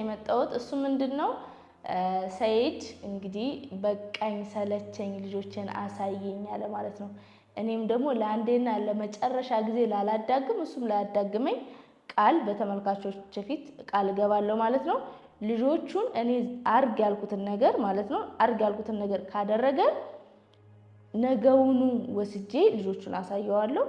የመጣሁት እሱ ምንድን ነው ሰይድ እንግዲህ በቃኝ ሰለቸኝ ልጆችን አሳየኝ አለ ማለት ነው። እኔም ደግሞ ለአንዴና ለመጨረሻ ጊዜ ላላዳግም እሱም ላያዳግመኝ ቃል በተመልካቾች ፊት ቃል እገባለሁ ማለት ነው። ልጆቹን እኔ አርግ ያልኩትን ነገር ማለት ነው አርግ ያልኩትን ነገር ካደረገ ነገውኑ ወስጄ ልጆቹን አሳየዋለሁ።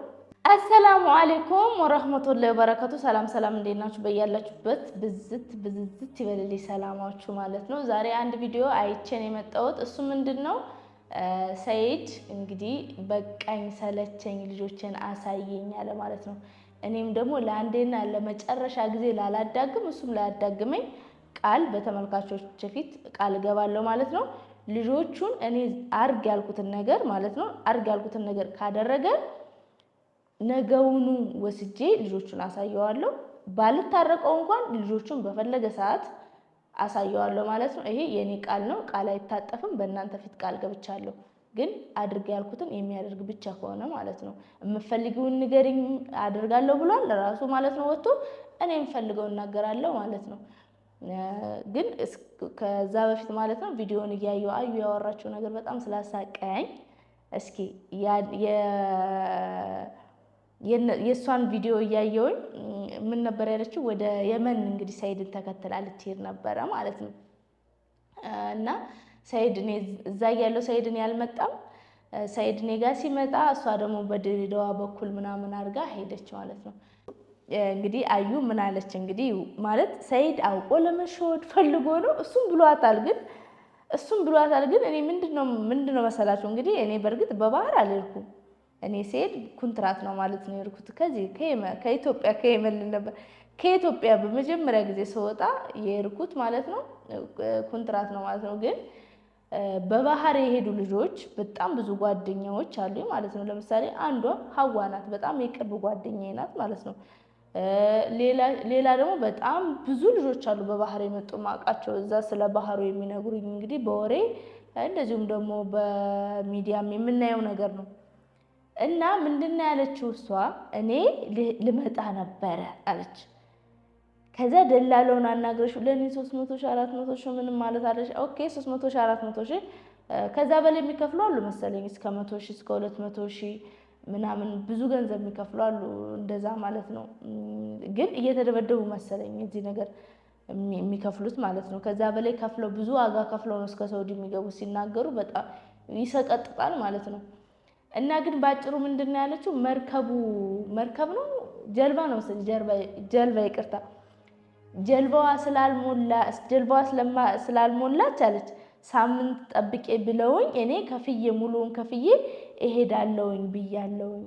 አሰላሙ አሌይኩም ወረህመቱላሂ ወበረካቱ። ሰላም ሰላም፣ እንዴት ናችሁ? በያላችሁበት ብዝት ብዝዝት ይበልልኝ ሰላማችሁ ማለት ነው። ዛሬ አንድ ቪዲዮ አይቼን የመጣሁት እሱ ምንድን ነው ሰይድ እንግዲህ በቃኝ ሰለቸኝ ልጆችን አሳየኝ አለ ማለት ነው። እኔም ደግሞ ለአንዴና ለመጨረሻ ጊዜ ላላዳግም እሱም ላያዳግመኝ ቃል በተመልካቾች ፊት ቃል እገባለሁ ማለት ነው። ልጆቹን እኔ አርግ ያልኩትን ነገር ማለት ነው አርግ ያልኩትን ነገር ካደረገ ነገውኑ ወስጄ ልጆቹን አሳየዋለሁ። ባልታረቀው እንኳን ልጆቹን በፈለገ ሰዓት አሳየዋለሁ ማለት ነው። ይሄ የኔ ቃል ነው። ቃል አይታጠፍም። በእናንተ ፊት ቃል ገብቻለሁ። ግን አድርግ ያልኩትን የሚያደርግ ብቻ ከሆነ ማለት ነው። የምፈልጊውን ንገሪኝ አደርጋለሁ ብሏል ለራሱ ማለት ነው። ወጥቶ እኔ የምፈልገው እናገራለሁ ማለት ነው። ግን ከዛ በፊት ማለት ነው ቪዲዮን እያየው አዩ ያወራችው ነገር በጣም ስላሳቀኝ እስኪ የእሷን ቪዲዮ እያየውኝ ምን ነበር ያለችው? ወደ የመን እንግዲህ ሰይድን ተከትላ ልትሄድ ነበረ ማለት ነው። እና ሰይድ እኔ እዛ ያለው ሰይድን ያልመጣም ሰይድ እኔ ጋር ሲመጣ እሷ ደግሞ በድሬዳዋ በኩል ምናምን አድርጋ ሄደች ማለት ነው። እንግዲህ አዩ ምን አለች? እንግዲህ ማለት ሰይድ አውቆ ለመሸወድ ፈልጎ ነው እሱም ብሏታል። ግን እሱም ብሏታል። ግን እኔ ምንድነው ምንድነው መሰላችሁ እንግዲህ እኔ በእርግጥ በባህር አልሄድኩም እኔ ሴድ ኩንትራት ነው ማለት ነው የሄድኩት። ከዚህ ከኢትዮጵያ ከየመን ነበር ከኢትዮጵያ በመጀመሪያ ጊዜ ስወጣ የሄድኩት ማለት ነው ኩንትራት ነው ማለት ነው። ግን በባህር የሄዱ ልጆች በጣም ብዙ ጓደኛዎች አሉ ማለት ነው። ለምሳሌ አንዷ ሀዋ ናት፣ በጣም የቅርብ ጓደኛ ናት ማለት ነው። ሌላ ደግሞ በጣም ብዙ ልጆች አሉ በባህር የመጡ ማውቃቸው እዛ ስለ ባህሩ የሚነግሩኝ እንግዲህ በወሬ እንደዚሁም ደግሞ በሚዲያም የምናየው ነገር ነው። እና ምንድና ያለችው እሷ እኔ ልመጣ ነበረ አለች። ከዛ ደላለውን አናግረሽ ለእኔ ሶስት መቶ ሺህ አራት መቶ ሺህ ምንም ማለት አለች። ኦኬ ሶስት መቶ ሺህ አራት መቶ ሺህ ከዛ በላይ የሚከፍሉ አሉ መሰለኝ እስከ መቶ ሺ እስከ ሁለት መቶ ሺህ ምናምን ብዙ ገንዘብ የሚከፍሉ አሉ እንደዛ ማለት ነው። ግን እየተደበደቡ መሰለኝ እዚህ ነገር የሚከፍሉት ማለት ነው። ከዛ በላይ ከፍለው ብዙ ዋጋ ከፍለው ነው እስከ ሰውዲ የሚገቡ ሲናገሩ በጣም ይሰቀጥጣል ማለት ነው። እና ግን ባጭሩ ምንድን ነው ያለችው? መርከቡ መርከብ ነው ጀልባ ነው መሰለኝ ጀልባ ይቅርታ፣ ጀልባዋ ስላልሞላች አለች ሳምንት ጠብቄ ብለውኝ እኔ ከፍዬ ሙሉውን ከፍዬ እሄዳለውኝ ብያለውኝ።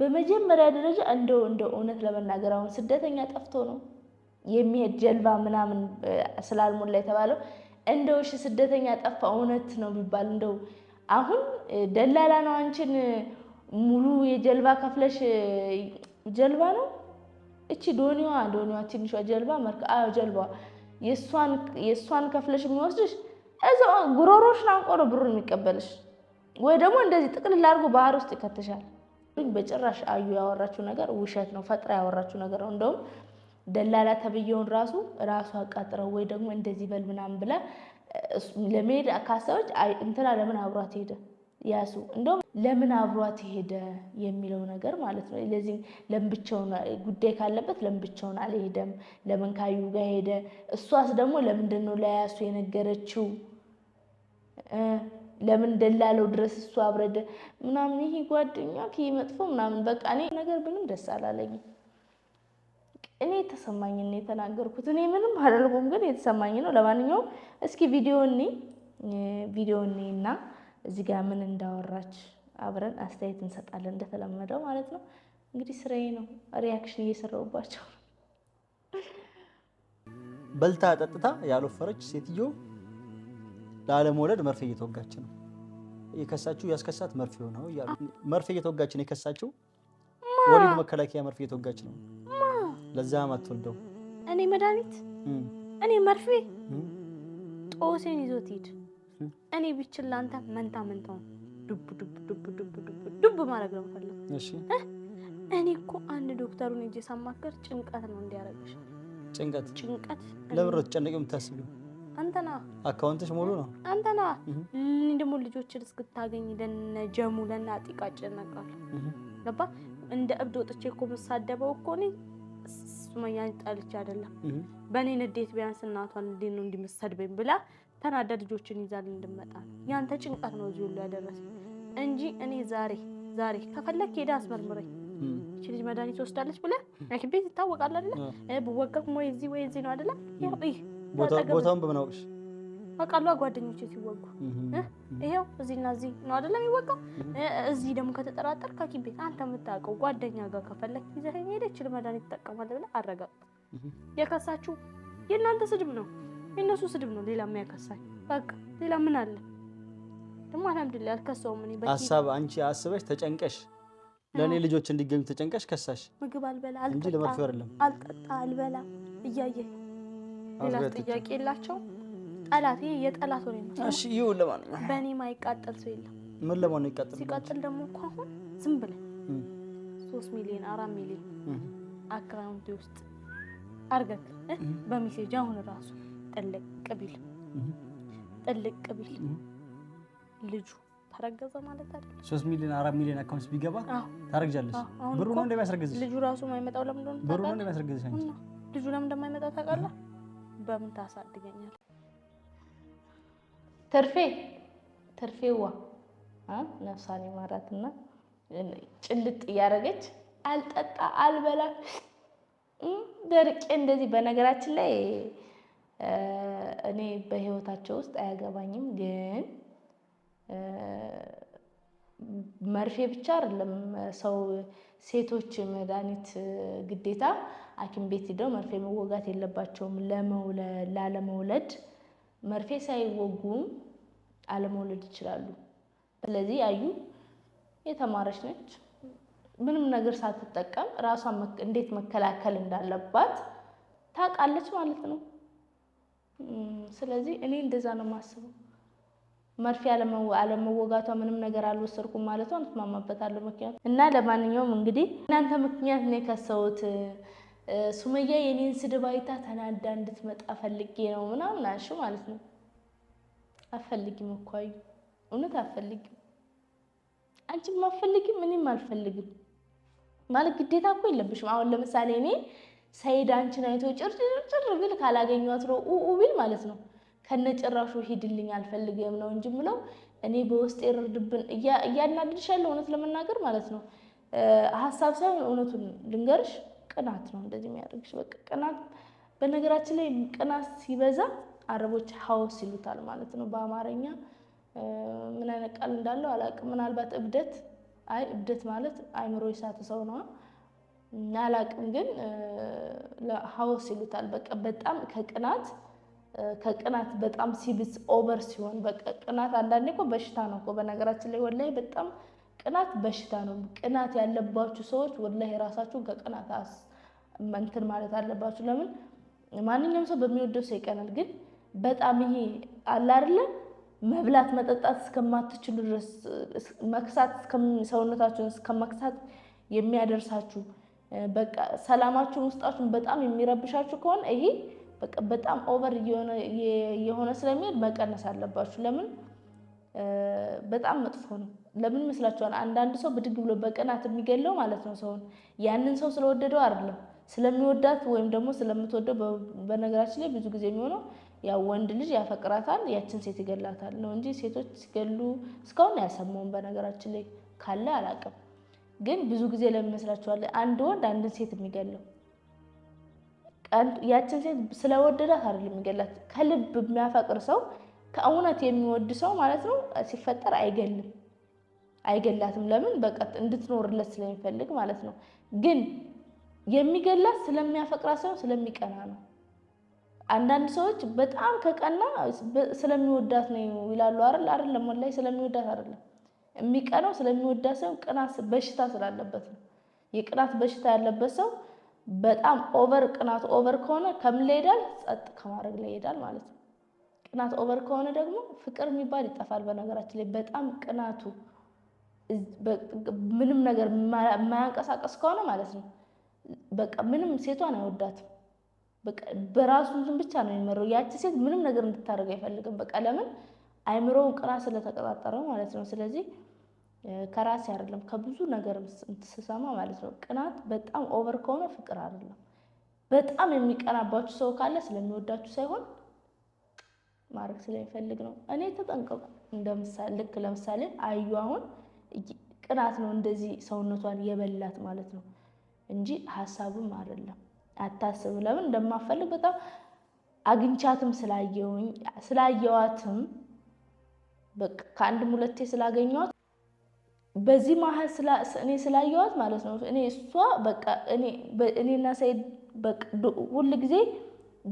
በመጀመሪያ ደረጃ እንደው እንደ እውነት ለመናገር አሁን ስደተኛ ጠፍቶ ነው የሚሄድ ጀልባ ምናምን ስላልሞላ የተባለው እንደው እሺ፣ ስደተኛ ጠፋ እውነት ነው ቢባል እንደው አሁን ደላላ ነው አንቺን ሙሉ የጀልባ ከፍለሽ ጀልባ ነው እቺ ዶኒዋ ዶኒዋ ትንሿ ጀልባ መርካ ጀልባዋ የእሷን ከፍለሽ የሚወስድሽ እዛ ጉሮሮሽን አንቆ ነው ብሩን የሚቀበልሽ፣ ወይ ደግሞ እንደዚህ ጥቅልል አድርጎ ባህር ውስጥ ይከትሻል። በጭራሽ አዩ ያወራችው ነገር ውሸት ነው፣ ፈጥራ ያወራችው ነገር ነው። እንደውም ደላላ ተብዬውን ራሱ ራሱ አቃጥረው ወይ ደግሞ እንደዚህ በል ምናምን ብላ ለመሄድ ካሳዎች እንትና ለምን አብሯት ሄደ ያሱ እንደውም ለምን አብሯት ሄደ የሚለው ነገር ማለት ነው። ለዚህ ለምን ብቻውን ጉዳይ ካለበት ለምን ብቻውን አልሄደም? ለምን ካዩ ጋር ሄደ? እሷስ ደግሞ ለምንድን ነው ለያሱ የነገረችው? ለምን ደላለው ድረስ እሱ አብረደ ምናምን ይሄ ጓደኛ መጥፎ ምናምን በቃ እኔ ነገር ብንም ደስ አላለኝም። እኔ ነው የተናገርኩት እኔ ምንም አላልኩም፣ ግን የተሰማኝ ነው። ለማንኛውም እስኪ ቪዲዮ ቪዲዮ እና እዚህ ጋር ምን እንዳወራች አብረን አስተያየት እንሰጣለን፣ እንደተለመደው ማለት ነው። እንግዲህ ስራዬ ነው፣ ሪያክሽን እየሰራሁባቸው በልታ ጠጥታ ያልወፈረች ሴትዮ ላለመውለድ መርፌ እየተወጋች ነው። የከሳችሁ ያስከሳት መርፌ ሆነው መርፌ እየተወጋች ነው የከሳችው። ወሊድ መከላከያ መርፌ እየተወጋች ነው። ለዛ ማትወልደው እኔ መድኃኒት እኔ መርፌ ጦሴን ይዞት ሂድ። እኔ ብችል ለአንተ መንታ መንታውን ዱብ ዱብ ዱብ ዱብ ዱብ ዱብ ማድረግ ነው የምፈልገው። እሺ እኔ እኮ አንድ ዶክተሩን እጄ ሳማከር ጭንቀት ነው እንዲያረግሽ። ጭንቀት ጭንቀት ለብሮ ተጨነቂ የምታስቢው አንተና አካውንትሽ ሙሉ ነው አንተና። እኔ ደግሞ ልጆችን እስክታገኝ ለነ ጀሙ ለና ጢቃ ጨነቃል። ገባ እንደ እብድ ወጥቼ እኮ የምሳደበው እኮ እኔ ሱመያን ጠልቼ አይደለም። በእኔ ንዴት ቢያንስ እናቷን እንዴት ነው እንዲመሰድበኝ ብላ ተናዳ ልጆችን ይዛል እንድመጣ ያንተ ጭንቀት ነው እዚህ ሁሉ ያደረሰ እንጂ እኔ ዛሬ ዛሬ ከፈለግ ሄዳ አስመርምረኝ እቺ ልጅ መድኃኒት ወስዳለች ብለ ሐኪም ቤት ይታወቃል አይደለ? ብወገብ ወይ እዚህ ወይ እዚህ ነው አይደለም። ቦታውን በምን አውቅሽ? አውቃለሁ ጓደኞቼ ሲወጉ ይሄው እዚህና እዚህ ነው አይደል የሚወጋው። እዚህ ደግሞ ከተጠራጠር ቤት አንተ የምታውቀው ጓደኛ ጋር ከፈለክ ይዘህ ሄደህ ችል መድኃኒት ትጠቀማለህ ብለህ አረጋግጥ። የከሳችሁ የእናንተ ስድብ ነው፣ የእነሱ ስድብ ነው። ሌላ የሚያከሳኝ በቃ ሌላ ምን አለ ደግሞ? አልሐምዱሊላህ አልከሰውም። እኔ ሀሳብ አንቺ አስበሽ ተጨንቀሽ ለእኔ ልጆች እንዲገኙ ተጨንቀሽ ከሳሽ። ምግብ አልበላ እንጂ ለመጥፎ አይደለም። አልጠጣ አልበላ እያየ ሌላ ጥያቄ የላቸው ጠላት ይሄ የጠላት ወሬ ነው። እሺ ይሁን። ለማንኛውም በእኔ ማይቃጠል ሰው የለም። ምን ለማን ነው ይቃጠል? ሲቃጠል ደግሞ እኮ አሁን ዝም ብለን ሶስት ሚሊዮን አራት ሚሊዮን አካውንት ውስጥ አርገክ በሚሴጅ አሁን ራሱ ጥልቅ ቢል ጥልቅ ቢል ልጁ ተረገዘ ማለት አይደል? ሶስት ሚሊዮን አራት ሚሊዮን አካውንት ቢገባ ታረግጃለሽ። ብሩ ነው እንደሚያስረግዝሽ። ልጁ ራሱ የማይመጣው ለምን ነው? ብሩ ነው እንደሚያስረግዝሽ። ልጁ ለምን እንደማይመጣ ታውቃለህ? በምን ታሳድገኛለህ? ትርፌ ትርፌዋ ነፍሷን ይማራትና ጭልጥ እያደረገች አልጠጣ አልበላ ደርቄ እንደዚህ። በነገራችን ላይ እኔ በህይወታቸው ውስጥ አያገባኝም፣ ግን መርፌ ብቻ አይደለም ሰው ሴቶች መድኃኒት ግዴታ ሐኪም ቤት ሂደው መርፌ መወጋት የለባቸውም ላለመውለድ መርፌ ሳይወጉም አለመውለድ ይችላሉ። ስለዚህ አዩ የተማረች ነች። ምንም ነገር ሳትጠቀም ራሷን እንዴት መከላከል እንዳለባት ታውቃለች ማለት ነው። ስለዚህ እኔ እንደዛ ነው የማስበው። መርፌ አለመወጋቷ ምንም ነገር አልወሰድኩም ማለቷ እንትማማበታለሁ። ምክንያቱ እና ለማንኛውም እንግዲህ እናንተ ምክንያት ነው የከሰውት ሱመያ የኔን ስድብ አይታ ተናዳ እንድትመጣ ፈልጌ ነው ምናምን አልሽ ማለት ነው። አፈልጊም እኮ አዩ፣ እውነት አፈልጊም። አንቺም አፈልጊም፣ እኔም አልፈልግም ማለት ግዴታ እኮ የለብሽም። አሁን ለምሳሌ እኔ ሰይድ አንቺን አይቶ ጭርጭር ብል ካላገኟት ነው ኡኡ ቢል ማለት ነው ከነ ጭራሹ ሂድልኝ አልፈልግም ነው እንጂ ምለው እኔ በውስጥ የርድብን እያናድድሻለሁ እውነት ለመናገር ማለት ነው ሀሳብ ሳይሆን እውነቱን ልንገርሽ ቅናት ነው እንደዚህ የሚያደርግሽ። በቃ ቅናት በነገራችን ላይ ቅናት ሲበዛ አረቦች ሀውስ ይሉታል ማለት ነው። በአማርኛ ምን አይነት ቃል እንዳለው አላቅም። ምናልባት እብደት፣ አይ እብደት ማለት አይምሮ የሳተ ሰው ነዋ አላቅም። ግን ሀውስ ይሉታል። በቃ በጣም ከቅናት ከቅናት በጣም ሲብስ ኦቨር ሲሆን በቃ ቅናት አንዳንዴ እኮ በሽታ ነው እኮ በነገራችን ላይ ወላሂ በጣም ቅናት በሽታ ነው። ቅናት ያለባችሁ ሰዎች ወላሂ ራሳችሁን ከቅናት እንትን ማለት አለባችሁ። ለምን ማንኛውም ሰው በሚወደው ሰው ይቀናል። ግን በጣም ይሄ አለ አይደለ መብላት መጠጣት እስከማትችሉ ድረስ መክሳት ሰውነታችሁን እስከመክሳት የሚያደርሳችሁ በቃ ሰላማችሁን ውስጣችሁን በጣም የሚረብሻችሁ ከሆነ ይሄ በቃ በጣም ኦቨር የሆነ ስለሚሄድ መቀነስ አለባችሁ። ለምን በጣም መጥፎ ነው። ለምን ይመስላችኋል? አንዳንድ ሰው ብድግ ብሎ በቅናት የሚገለው ማለት ነው ሰውን። ያንን ሰው ስለወደደው አይደለም ስለሚወዳት ወይም ደግሞ ስለምትወደው። በነገራችን ላይ ብዙ ጊዜ የሚሆነው ያው ወንድ ልጅ ያፈቅራታል፣ ያችን ሴት ይገላታል ነው እንጂ ሴቶች ሲገሉ እስካሁን ያሰማውን በነገራችን ላይ ካለ አላውቅም፣ ግን ብዙ ጊዜ ለምን ይመስላችኋል? አንድ ወንድ አንድን ሴት የሚገለው ያችን ሴት ስለወደዳት አይደለም የሚገላት። ከልብ የሚያፈቅር ሰው ከእውነት የሚወድ ሰው ማለት ነው ሲፈጠር አይገልም። አይገላትም። ለምን በቃ እንድትኖርለት ስለሚፈልግ ማለት ነው። ግን የሚገላት ስለሚያፈቅራ ሳይሆን ስለሚቀና ነው። አንዳንድ ሰዎች በጣም ከቀና ስለሚወዳት ነው ይላሉ። አይደል? አይደለም፣ ወላሂ ስለሚወዳት አይደለም። የሚቀናው ስለሚወዳት ሳይሆን ቅናት በሽታ ስላለበት ነው። የቅናት በሽታ ያለበት ሰው በጣም ኦቨር ቅናት ኦቨር ከሆነ ከምን ላይ ይሄዳል? ጸጥ ከማድረግ ላይ ይሄዳል ማለት ነው። ቅናት ኦቨር ከሆነ ደግሞ ፍቅር የሚባል ይጠፋል። በነገራችን ላይ በጣም ቅናቱ ምንም ነገር የማያንቀሳቀስ ከሆነ ማለት ነው በቃ ምንም ሴቷን አይወዳትም። በራሱ እንትን ብቻ ነው የሚመረው። ያቺ ሴት ምንም ነገር እንድታደርግ አይፈልግም። በቃ ለምን አይምሮውን ቅራ ስለተቀጣጠረው ማለት ነው። ስለዚህ ከራሴ አይደለም ከብዙ ነገር ስሰማ ማለት ነው። ቅናት በጣም ኦቨር ከሆነ ፍቅር አይደለም። በጣም የሚቀናባችሁ ሰው ካለ ስለሚወዳችሁ ሳይሆን ማድረግ ስለሚፈልግ ነው። እኔ ተጠንቀቁ። ልክ ለምሳሌ አዩ አሁን ቅናት ነው እንደዚህ ሰውነቷን የበላት ማለት ነው እንጂ ሀሳብም አይደለም። አታስብ። ለምን እንደማፈልግ በጣም አግኝቻትም ስላየውኝ ስላየዋትም ከአንድም ሁለቴ ስላገኘዋት በዚህ መሀል እኔ ስላየዋት ማለት ነው እኔ እሷ በቃ እኔና ሰይድ ሁል ጊዜ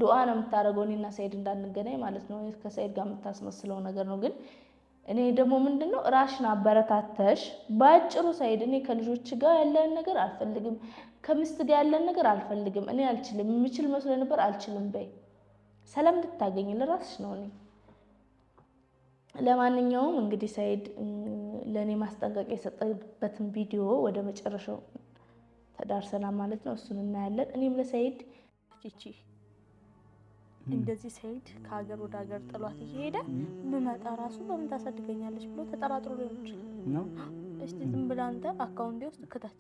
ዱዓ ነው የምታደርገው እኔና ሰይድ እንዳንገናኝ ማለት ነው። ከሰይድ ጋር የምታስመስለው ነገር ነው ግን እኔ ደግሞ ምንድን ነው ራሽን አበረታተሽ በአጭሩ ሳይድ እኔ ከልጆች ጋር ያለን ነገር አልፈልግም፣ ከምስት ጋር ያለን ነገር አልፈልግም፣ እኔ አልችልም፣ የምችል መስሎ ነበር አልችልም በይ። ሰላም ልታገኝ ለራስሽ ነው። እኔ ለማንኛውም እንግዲህ ሳይድ ለእኔ ማስጠንቀቂያ የሰጠበትን ቪዲዮ ወደ መጨረሻው ተዳርሰናል ማለት ነው። እሱን እናያለን። እኔም ለሳይድ ቺቺ እንደዚህ ሰይድ ከሀገር ወደ ሀገር ጥሏት እየሄደ ምመጣ ራሱ በምን ታሳድገኛለች ብሎ ተጠራጥሮ ሊሆን ይችላል። እስቲ ዝም ብለህ አንተ አካውንቴ ውስጥ ክተት።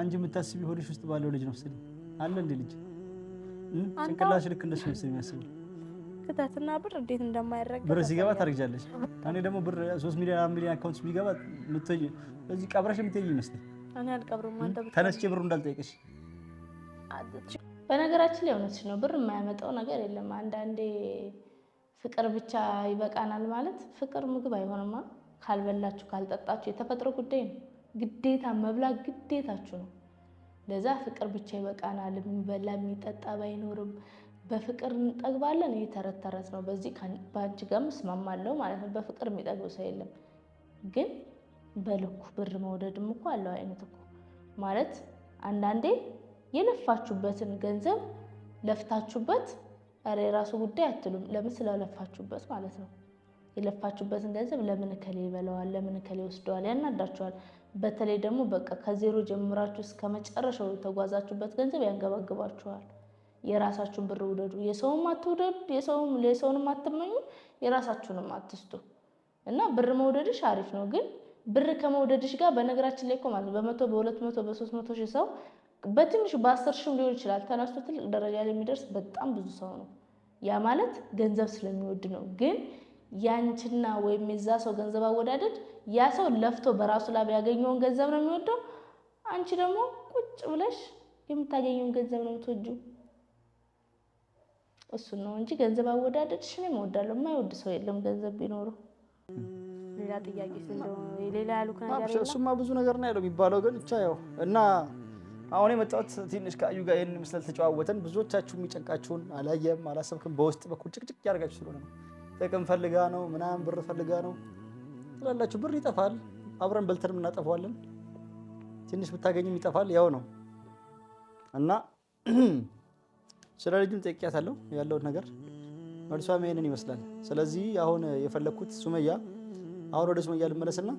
አንቺ የምታስቢ ሆድሽ ውስጥ ባለው ልጅ ነው ስል አለ እንደ ልጅ ጭንቅላሽ ልክ እንደሱ ስል የሚያስበው ክተትና ብር እንዴት እንደማይረግ ብር ሲገባ ታርግጃለች። እኔ ደግሞ ብር ሶስት ሚሊዮን አራት ሚሊዮን አካውንት ሚገባ ምትይ እዚህ ቀብረሽ የምትይ ይመስል እኔ አልቀብርም። አንተ ተነስቼ ብሩ እንዳልጠይቅሽ በነገራችን ላይ እውነትሽ ነው። ብር የማያመጣው ነገር የለም። አንዳንዴ ፍቅር ብቻ ይበቃናል ማለት ፍቅር ምግብ አይሆንማ። ካልበላችሁ ካልጠጣችሁ የተፈጥሮ ጉዳይ ነው። ግዴታ መብላት ግዴታችሁ ነው። ለዛ ፍቅር ብቻ ይበቃናል። የሚበላ የሚጠጣ ባይኖርም በፍቅር እንጠግባለን። ይህ ነው። በዚህ በአንቺ ጋር እስማማለሁ ማለት ነው። በፍቅር የሚጠግብ ሰው የለም። ግን በልኩ ብር መውደድም እኮ አለው አይነት እኮ ማለት አንዳንዴ የለፋችሁበትን ገንዘብ ለፍታችሁበት ኧረ የራሱ ጉዳይ አትሉም። ለምን ስለለፋችሁበት ማለት ነው። የለፋችሁበትን ገንዘብ ለምን እከሌ ይበለዋል፣ ለምን እከሌ ይወስደዋል፣ ያናዳችኋል። በተለይ ደግሞ በቃ ከዜሮ ጀምራችሁ እስከ መጨረሻው የተጓዛችሁበት ገንዘብ ያንገባግባችኋል። የራሳችሁን ብር ውደዱ። የሰውም አትውደዱ፣ የሰውንም አትመኙ፣ የራሳችሁንም አትስጡ። እና ብር መውደድሽ አሪፍ ነው፣ ግን ብር ከመውደድሽ ጋር በነገራችን ላይ እኮ ማለት በመቶ በሁለት መቶ በሶስት መቶ ሺህ ሰው በትንሹ በአስር ሺም ሊሆን ይችላል ተነስቶ ትልቅ ደረጃ ላይ የሚደርስ በጣም ብዙ ሰው ነው። ያ ማለት ገንዘብ ስለሚወድ ነው። ግን ያንችና ወይም የዛ ሰው ገንዘብ አወዳደድ ያ ሰው ለፍቶ በራሱ ላብ ያገኘውን ገንዘብ ነው የሚወደው። አንቺ ደግሞ ቁጭ ብለሽ የምታገኘውን ገንዘብ ነው የምትወጂው። እሱን ነው እንጂ ገንዘብ አወዳደድሽ እኔም እወዳለሁ። የማይወድ ሰው የለም ገንዘብ ቢኖረው። ሌላ ጥያቄ ሌላ ያሉ ነገር እሱማ ብዙ ነገር ነው ያለው የሚባለው ግን ብቻ ያው እና አሁን የመጣሁት ትንሽ ከአዩ ጋር ይህን ምስል ተጨዋወተን። ብዙዎቻችሁ የሚጨንቃችሁን አላየም አላሰብክም፣ በውስጥ በኩል ጭቅጭቅ ያደርጋችሁ ስለሆነ ጥቅም ፈልጋ ነው ምናምን ብር ፈልጋ ነው ትላላችሁ። ብር ይጠፋል፣ አብረን በልተን እናጠፋዋለን። ትንሽ ብታገኝም ይጠፋል፣ ያው ነው እና ስለ ልጁም ጠይቄያታለሁ ያለውን ነገር መልሷም ይሄንን ይመስላል። ስለዚህ አሁን የፈለግኩት ሱመያ አሁን ወደ ሱመያ ልመለስና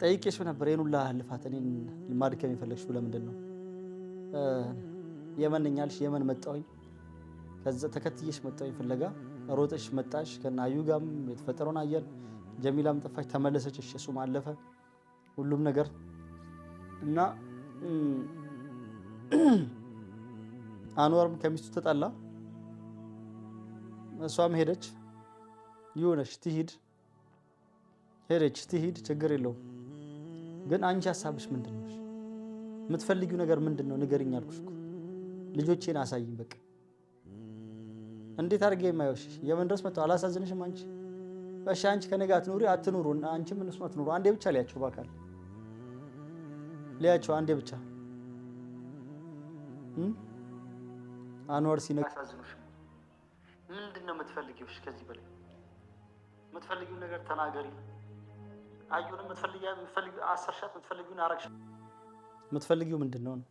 ጠይቄሽ ነበር። ይሄን ሁላ ልፋት እኔን ማድከም የፈለግሽው ለምንድን ነው? የመን ነኝ አልሽ። የመን መጣሁኝ። ከዛ ተከትዬሽ መጣሁኝ ፍለጋ ሮጠሽ መጣሽ። ከና አዩ ጋርም የተፈጠረውን አየን። ጀሚላም ጠፋች ተመለሰች። እሺ እሱም አለፈ ሁሉም ነገር እና አንዋርም ከሚስቱ ተጣላ፣ እሷም ሄደች። ይሁነሽ ትሂድ ሄደች ትሂድ፣ ችግር የለውም። ግን አንቺ ሀሳብሽ ምንድን ነው? የምትፈልጊው ነገር ምንድን ነው? ንገርኝ አልኩሽ እኮ ልጆቼን አሳይኝ። በቃ እንዴት አድርጌ የማይወሽ የምን ድረስ መጣሁ? አላሳዝንሽም? አንቺ በሻ አንቺ ከእኔ ጋር አትኑሪ፣ አትኑሩ፣ አንቺም እነሱም አትኑሩ። አንዴ ብቻ ሊያቸው፣ በአካል ሊያቸው፣ አንዴ ብቻ አንዋር ሲነግ ምንድን ነው የምትፈልጊው? ከዚህ በላይ የምትፈልጊው ነገር ተናገሪ። አዩን አሰርሻት። የምትፈልጊውን አረግሻት። የምትፈልጊው ምንድን ነው ነው?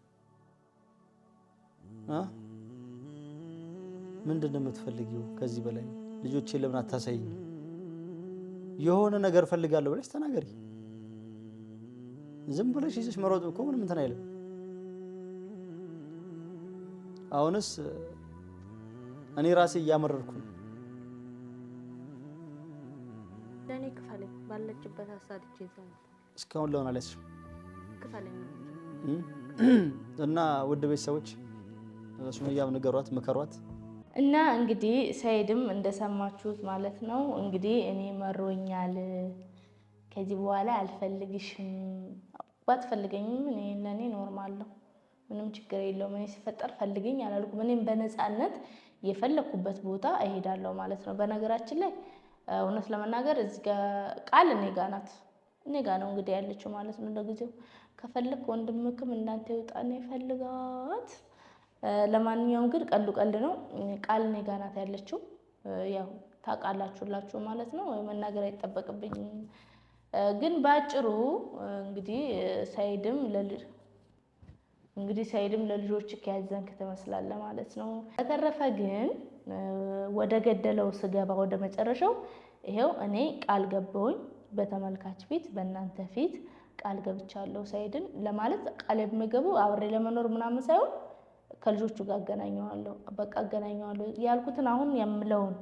ምንድን ነው የምትፈልጊው? ከዚህ በላይ ልጆቼ ለምን አታሳይኝ? የሆነ ነገር እፈልጋለሁ ብለሽ ተናገሪ። ዝም ብለሽ ይዘሽ መሮጥ እኮ ምንም እንትን አይልም። አሁንስ እኔ ራሴ እያመረርኩ ነው ባለችበት አሳድቼ እስካሁን ለሆን አለች እና ውድ ቤተሰቦች ሱመያም ንገሯት፣ ምከሯት እና እንግዲህ ሰይድም እንደሰማችሁት ማለት ነው። እንግዲህ እኔ መሮኛል፣ ከዚህ በኋላ አልፈልግሽም። ባትፈልገኝም እኔ ለእኔ ኖርማል ነው፣ ምንም ችግር የለውም። እኔ ሲፈጠር ፈልገኝ አላልኩም። እኔም በነፃነት የፈለግኩበት ቦታ እሄዳለሁ ማለት ነው። በነገራችን ላይ እውነት ለመናገር እዚህ ቃል እኔ ጋ ናት፣ እኔ ጋ ነው እንግዲህ ያለችው ማለት ነው። ለጊዜው ከፈለግ ወንድምክም እናንተ ይውጣና የፈልጋት። ለማንኛውም ግን ቀሉ ቀል ነው። ቃል እኔ ጋ ናት ያለችው ያው ታውቃላችሁላችሁ ማለት ነው። መናገር አይጠበቅብኝም። ግን በአጭሩ እንግዲህ ሳይድም እንግዲህ ሳይድም ለልጆች ከያዘንክ ትመስላለህ ማለት ነው። በተረፈ ግን ወደ ገደለው ስገባ ወደ መጨረሻው ይሄው እኔ ቃል ገባውኝ በተመልካች ፊት በእናንተ ፊት ቃል ገብቻለሁ ሰኢድን ለማለት ቃል የሚገቡ አብሬ ለመኖር ምናምን ሳይሆን ከልጆቹ ጋር አገናኘዋለሁ፣ በቃ አገናኘዋለሁ ያልኩትን አሁን የምለውን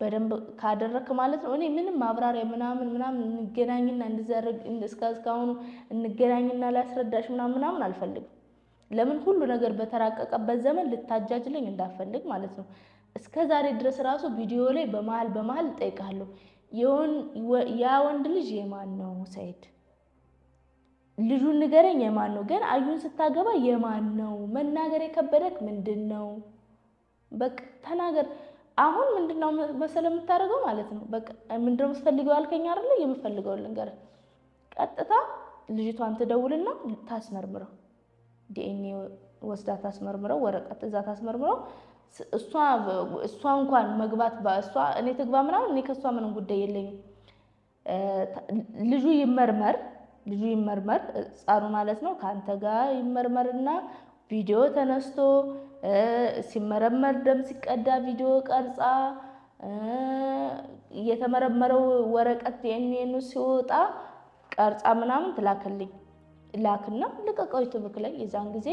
በደንብ ካደረክ ማለት ነው። እኔ ምንም ማብራሪያ ምናምን ምናምን እንገናኝና እስከ እስካሁኑ እንገናኝና ላስረዳሽ ምናምን ምናምን አልፈልግም። ለምን ሁሉ ነገር በተራቀቀበት ዘመን ልታጃጅለኝ እንዳፈልግ ማለት ነው። እስከ ዛሬ ድረስ ራሱ ቪዲዮ ላይ በመሀል በመሀል እጠይቃለሁ፣ ያ ወንድ ልጅ የማን ነው? ሰኢድ ልጁን ንገረኝ፣ የማን ነው? ግን አዩን ስታገባ የማን ነው? መናገር የከበደክ ምንድን ነው? በቃ ተናገር። አሁን ምንድን ነው መሰለ የምታደርገው ማለት ነው። በቃ ምንድን ነው የምትፈልገው አልከኝ አይደለ? የምፈልገው ልንገርህ። ቀጥታ ልጅቷን ትደውልና ታስመርምረው ዲኤንኤ ወስዳ ታስመርምረው፣ ወረቀት እዛ ታስመርምረው። እሷ እንኳን መግባት እሷ እኔ ትግባ ምናምን እኔ ከእሷ ምንም ጉዳይ የለኝም። ልጁ ይመርመር፣ ልጁ ይመርመር፣ ጻኑ ማለት ነው። ከአንተ ጋር ይመርመርና ቪዲዮ ተነስቶ ሲመረመር ደም ሲቀዳ ቪዲዮ ቀርጻ የተመረመረው ወረቀት ዲኤንኤኑ ሲወጣ ቀርጻ ምናምን ትላክልኝ። ላክና ልቀቀው ትምህርት ላይ የዛን ጊዜ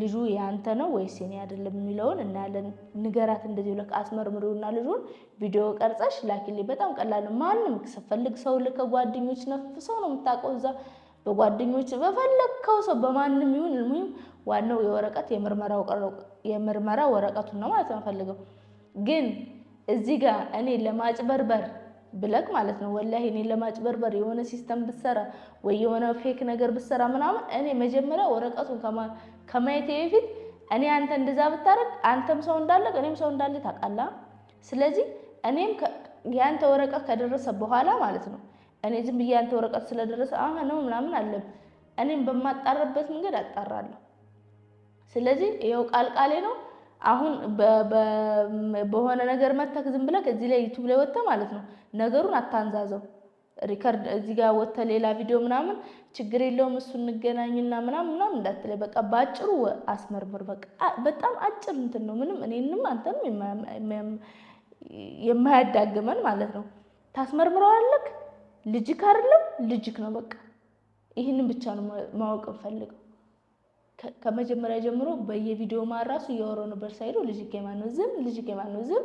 ልጁ ያንተ ነው ወይስ የኔ አይደለም የሚለውን እናያለን። ንገራት እንደዚህ ብለህ አስመርምሪውና ልጁን ቪዲዮ ቀርጸሽ ላኪልኝ። በጣም ቀላል። ማንም ስፈልግ ሰው ልከ ጓደኞች ነፍ ሰው ነው የምታውቀው እዛ በጓደኞች በፈለግከው ሰው በማንም ይሁን ሙም ዋናው የወረቀት የምርመራ ወረቀቱን ነው ማለት ነው ፈልገው ግን እዚህ ጋር እኔ ለማጭበርበር ብለክ ማለት ነው። ወላሂ እኔ ለማጭበርበር የሆነ ሲስተም ብሰራ ወይ የሆነ ፌክ ነገር ብሰራ ምናምን እኔ መጀመሪያ ወረቀቱን ከማየቴ በፊት እኔ አንተ እንደዛ ብታረግ አንተም ሰው እንዳለ እኔም ሰው እንዳለ ታውቃላ። ስለዚህ እኔም የአንተ ወረቀት ከደረሰ በኋላ ማለት ነው እኔ ዝም ብዬ አንተ ወረቀት ስለደረሰ አ ነው ምናምን አለም እኔም በማጣራበት መንገድ አጣራለሁ። ስለዚህ ይኸው ቃል ቃሌ ነው። አሁን በሆነ ነገር መተክ ዝም ብለህ እዚህ ላይ ዩቱብ ላይ ወጥተህ ማለት ነው ነገሩን አታንዛዘው። ሪከርድ እዚህ ጋር ወጥተህ ሌላ ቪዲዮ ምናምን ችግር የለውም እሱ እንገናኝና ምናምን ምናምን እንዳትለኝ። በቃ በአጭሩ አስመርምር። በቃ በጣም አጭር እንትን ነው ምንም እኔንም አንተንም የማያዳግመን ማለት ነው። ታስመርምረዋለክ ልጅክ አይደለም ልጅክ ነው። በቃ ይህንን ብቻ ነው ማወቅ እንፈልገው። ከመጀመሪያ ጀምሮ በየቪዲዮ ማራሱ እያወራው ነበር። ሳይዶ ልጅ ኬማ ነው ዝም ልጅ ኬማ ነው ዝም።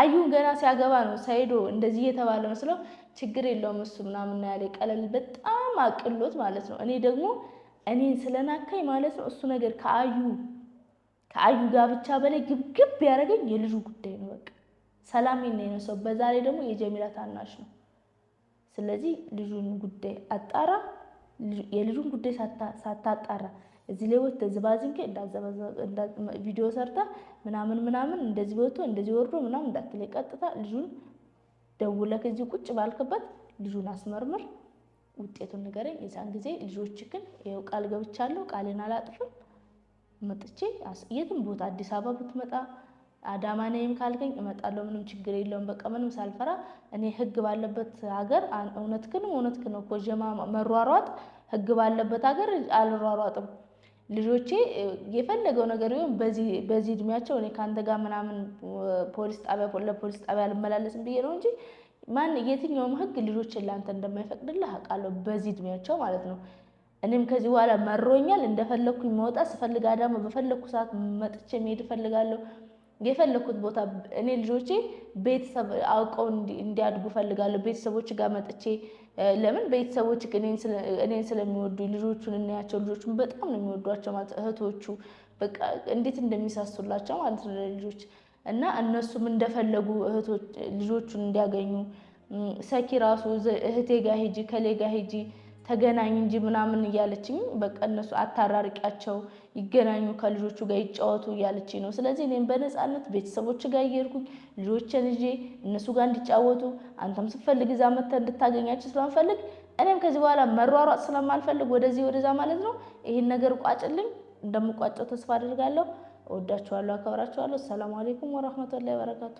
አዩን ገና ሲያገባ ነው ሳይዶ እንደዚህ የተባለ መስለው ችግር የለውም እሱ ምናምን ያለ ቀለል በጣም አቅሎት ማለት ነው። እኔ ደግሞ እኔን ስለናካኝ ማለት ነው እሱ ነገር ከአዩ ከአዩ ጋር ብቻ በላይ ግብግብ ያደረገኝ የልጁ ጉዳይ ነው። በቃ ሰላሜን ነው የነሳው። በዛ ላይ ደግሞ የጀሚላ ታናሽ ነው። ስለዚህ ልጁን ጉዳይ አጣራ የልጁን ጉዳይ ሳታጣራ እዚህ ላይ ወጥተህ ዝባዝንኬ ቪዲዮ ሰርታ ምናምን ምናምን እንደዚህ ወጥቶ እንደዚህ ወርዶ ምናምን እንዳትለኝ። ቀጥታ ልጁን ደውለህ እዚህ ቁጭ ባልክበት ልጁን አስመርምር፣ ውጤቱን ንገረኝ። የዛን ጊዜ ልጆችህን ይኸው ቃል ገብቻለሁ፣ ቃሌን አላጥፍም። መጥቼ የትም ቦታ አዲስ አበባ ብትመጣ አዳማ ነይም ካልከኝ እመጣለሁ። ምንም ችግር የለውም። በቃ ምንም ሳልፈራ እኔ ህግ ባለበት ሀገር እውነትህን እውነትህን ነው ኮጀማ መሯሯጥ ህግ ባለበት ሀገር አልሯሯጥም። ልጆቼ የፈለገው ነገር ቢሆን በዚህ እድሜያቸው እኔ ከአንተ ጋር ምናምን ፖሊስ ጣቢያ ለፖሊስ ጣቢያ አልመላለስም ብዬ ነው እንጂ ማን የትኛውም ህግ ልጆችን ለአንተ እንደማይፈቅድልህ አውቃለሁ። በዚህ እድሜያቸው ማለት ነው። እኔም ከዚህ በኋላ መሮኛል። እንደፈለግኩኝ መውጣት ስፈልግ አዳማ በፈለግኩ ሰዓት መጥቼ መሄድ እፈልጋለሁ። የፈለግኩት ቦታ እኔ ልጆቼ ቤተሰብ አውቀው እንዲያድጉ እፈልጋለሁ። ቤተሰቦች ጋር መጥቼ ለምን ቤተሰቦች እኔን ስለሚወዱ ልጆቹን እናያቸው ልጆቹን በጣም ነው የሚወዷቸው ማለት እህቶቹ በቃ እንዴት እንደሚሳሱላቸው ማለት ነው ልጆች እና እነሱም እንደፈለጉ ልጆቹን እንዲያገኙ ሰኪ ራሱ እህቴ ጋር ሂጂ ከሌ ጋ ሂጂ ተገናኝ እንጂ ምናምን እያለችኝ በቃ እነሱ አታራርቂያቸው፣ ይገናኙ ከልጆቹ ጋር ይጫወቱ እያለችኝ ነው። ስለዚህ እኔም በነፃነት ቤተሰቦች ጋር እየሄድኩኝ ልጆችን ይዤ እነሱ ጋር እንዲጫወቱ አንተም ስትፈልግ እዛ መተህ እንድታገኛቸው ስለምፈልግ እኔም ከዚህ በኋላ መሯሯጥ ስለማልፈልግ ወደዚህ ወደዛ ማለት ነው። ይህን ነገር ቋጭልኝ። እንደምቋጨው ተስፋ አድርጋለሁ። እወዳችኋለሁ፣ አከብራችኋለሁ። ሰላም አሌይኩም ወረህመቱላሂ ወበረካቱ።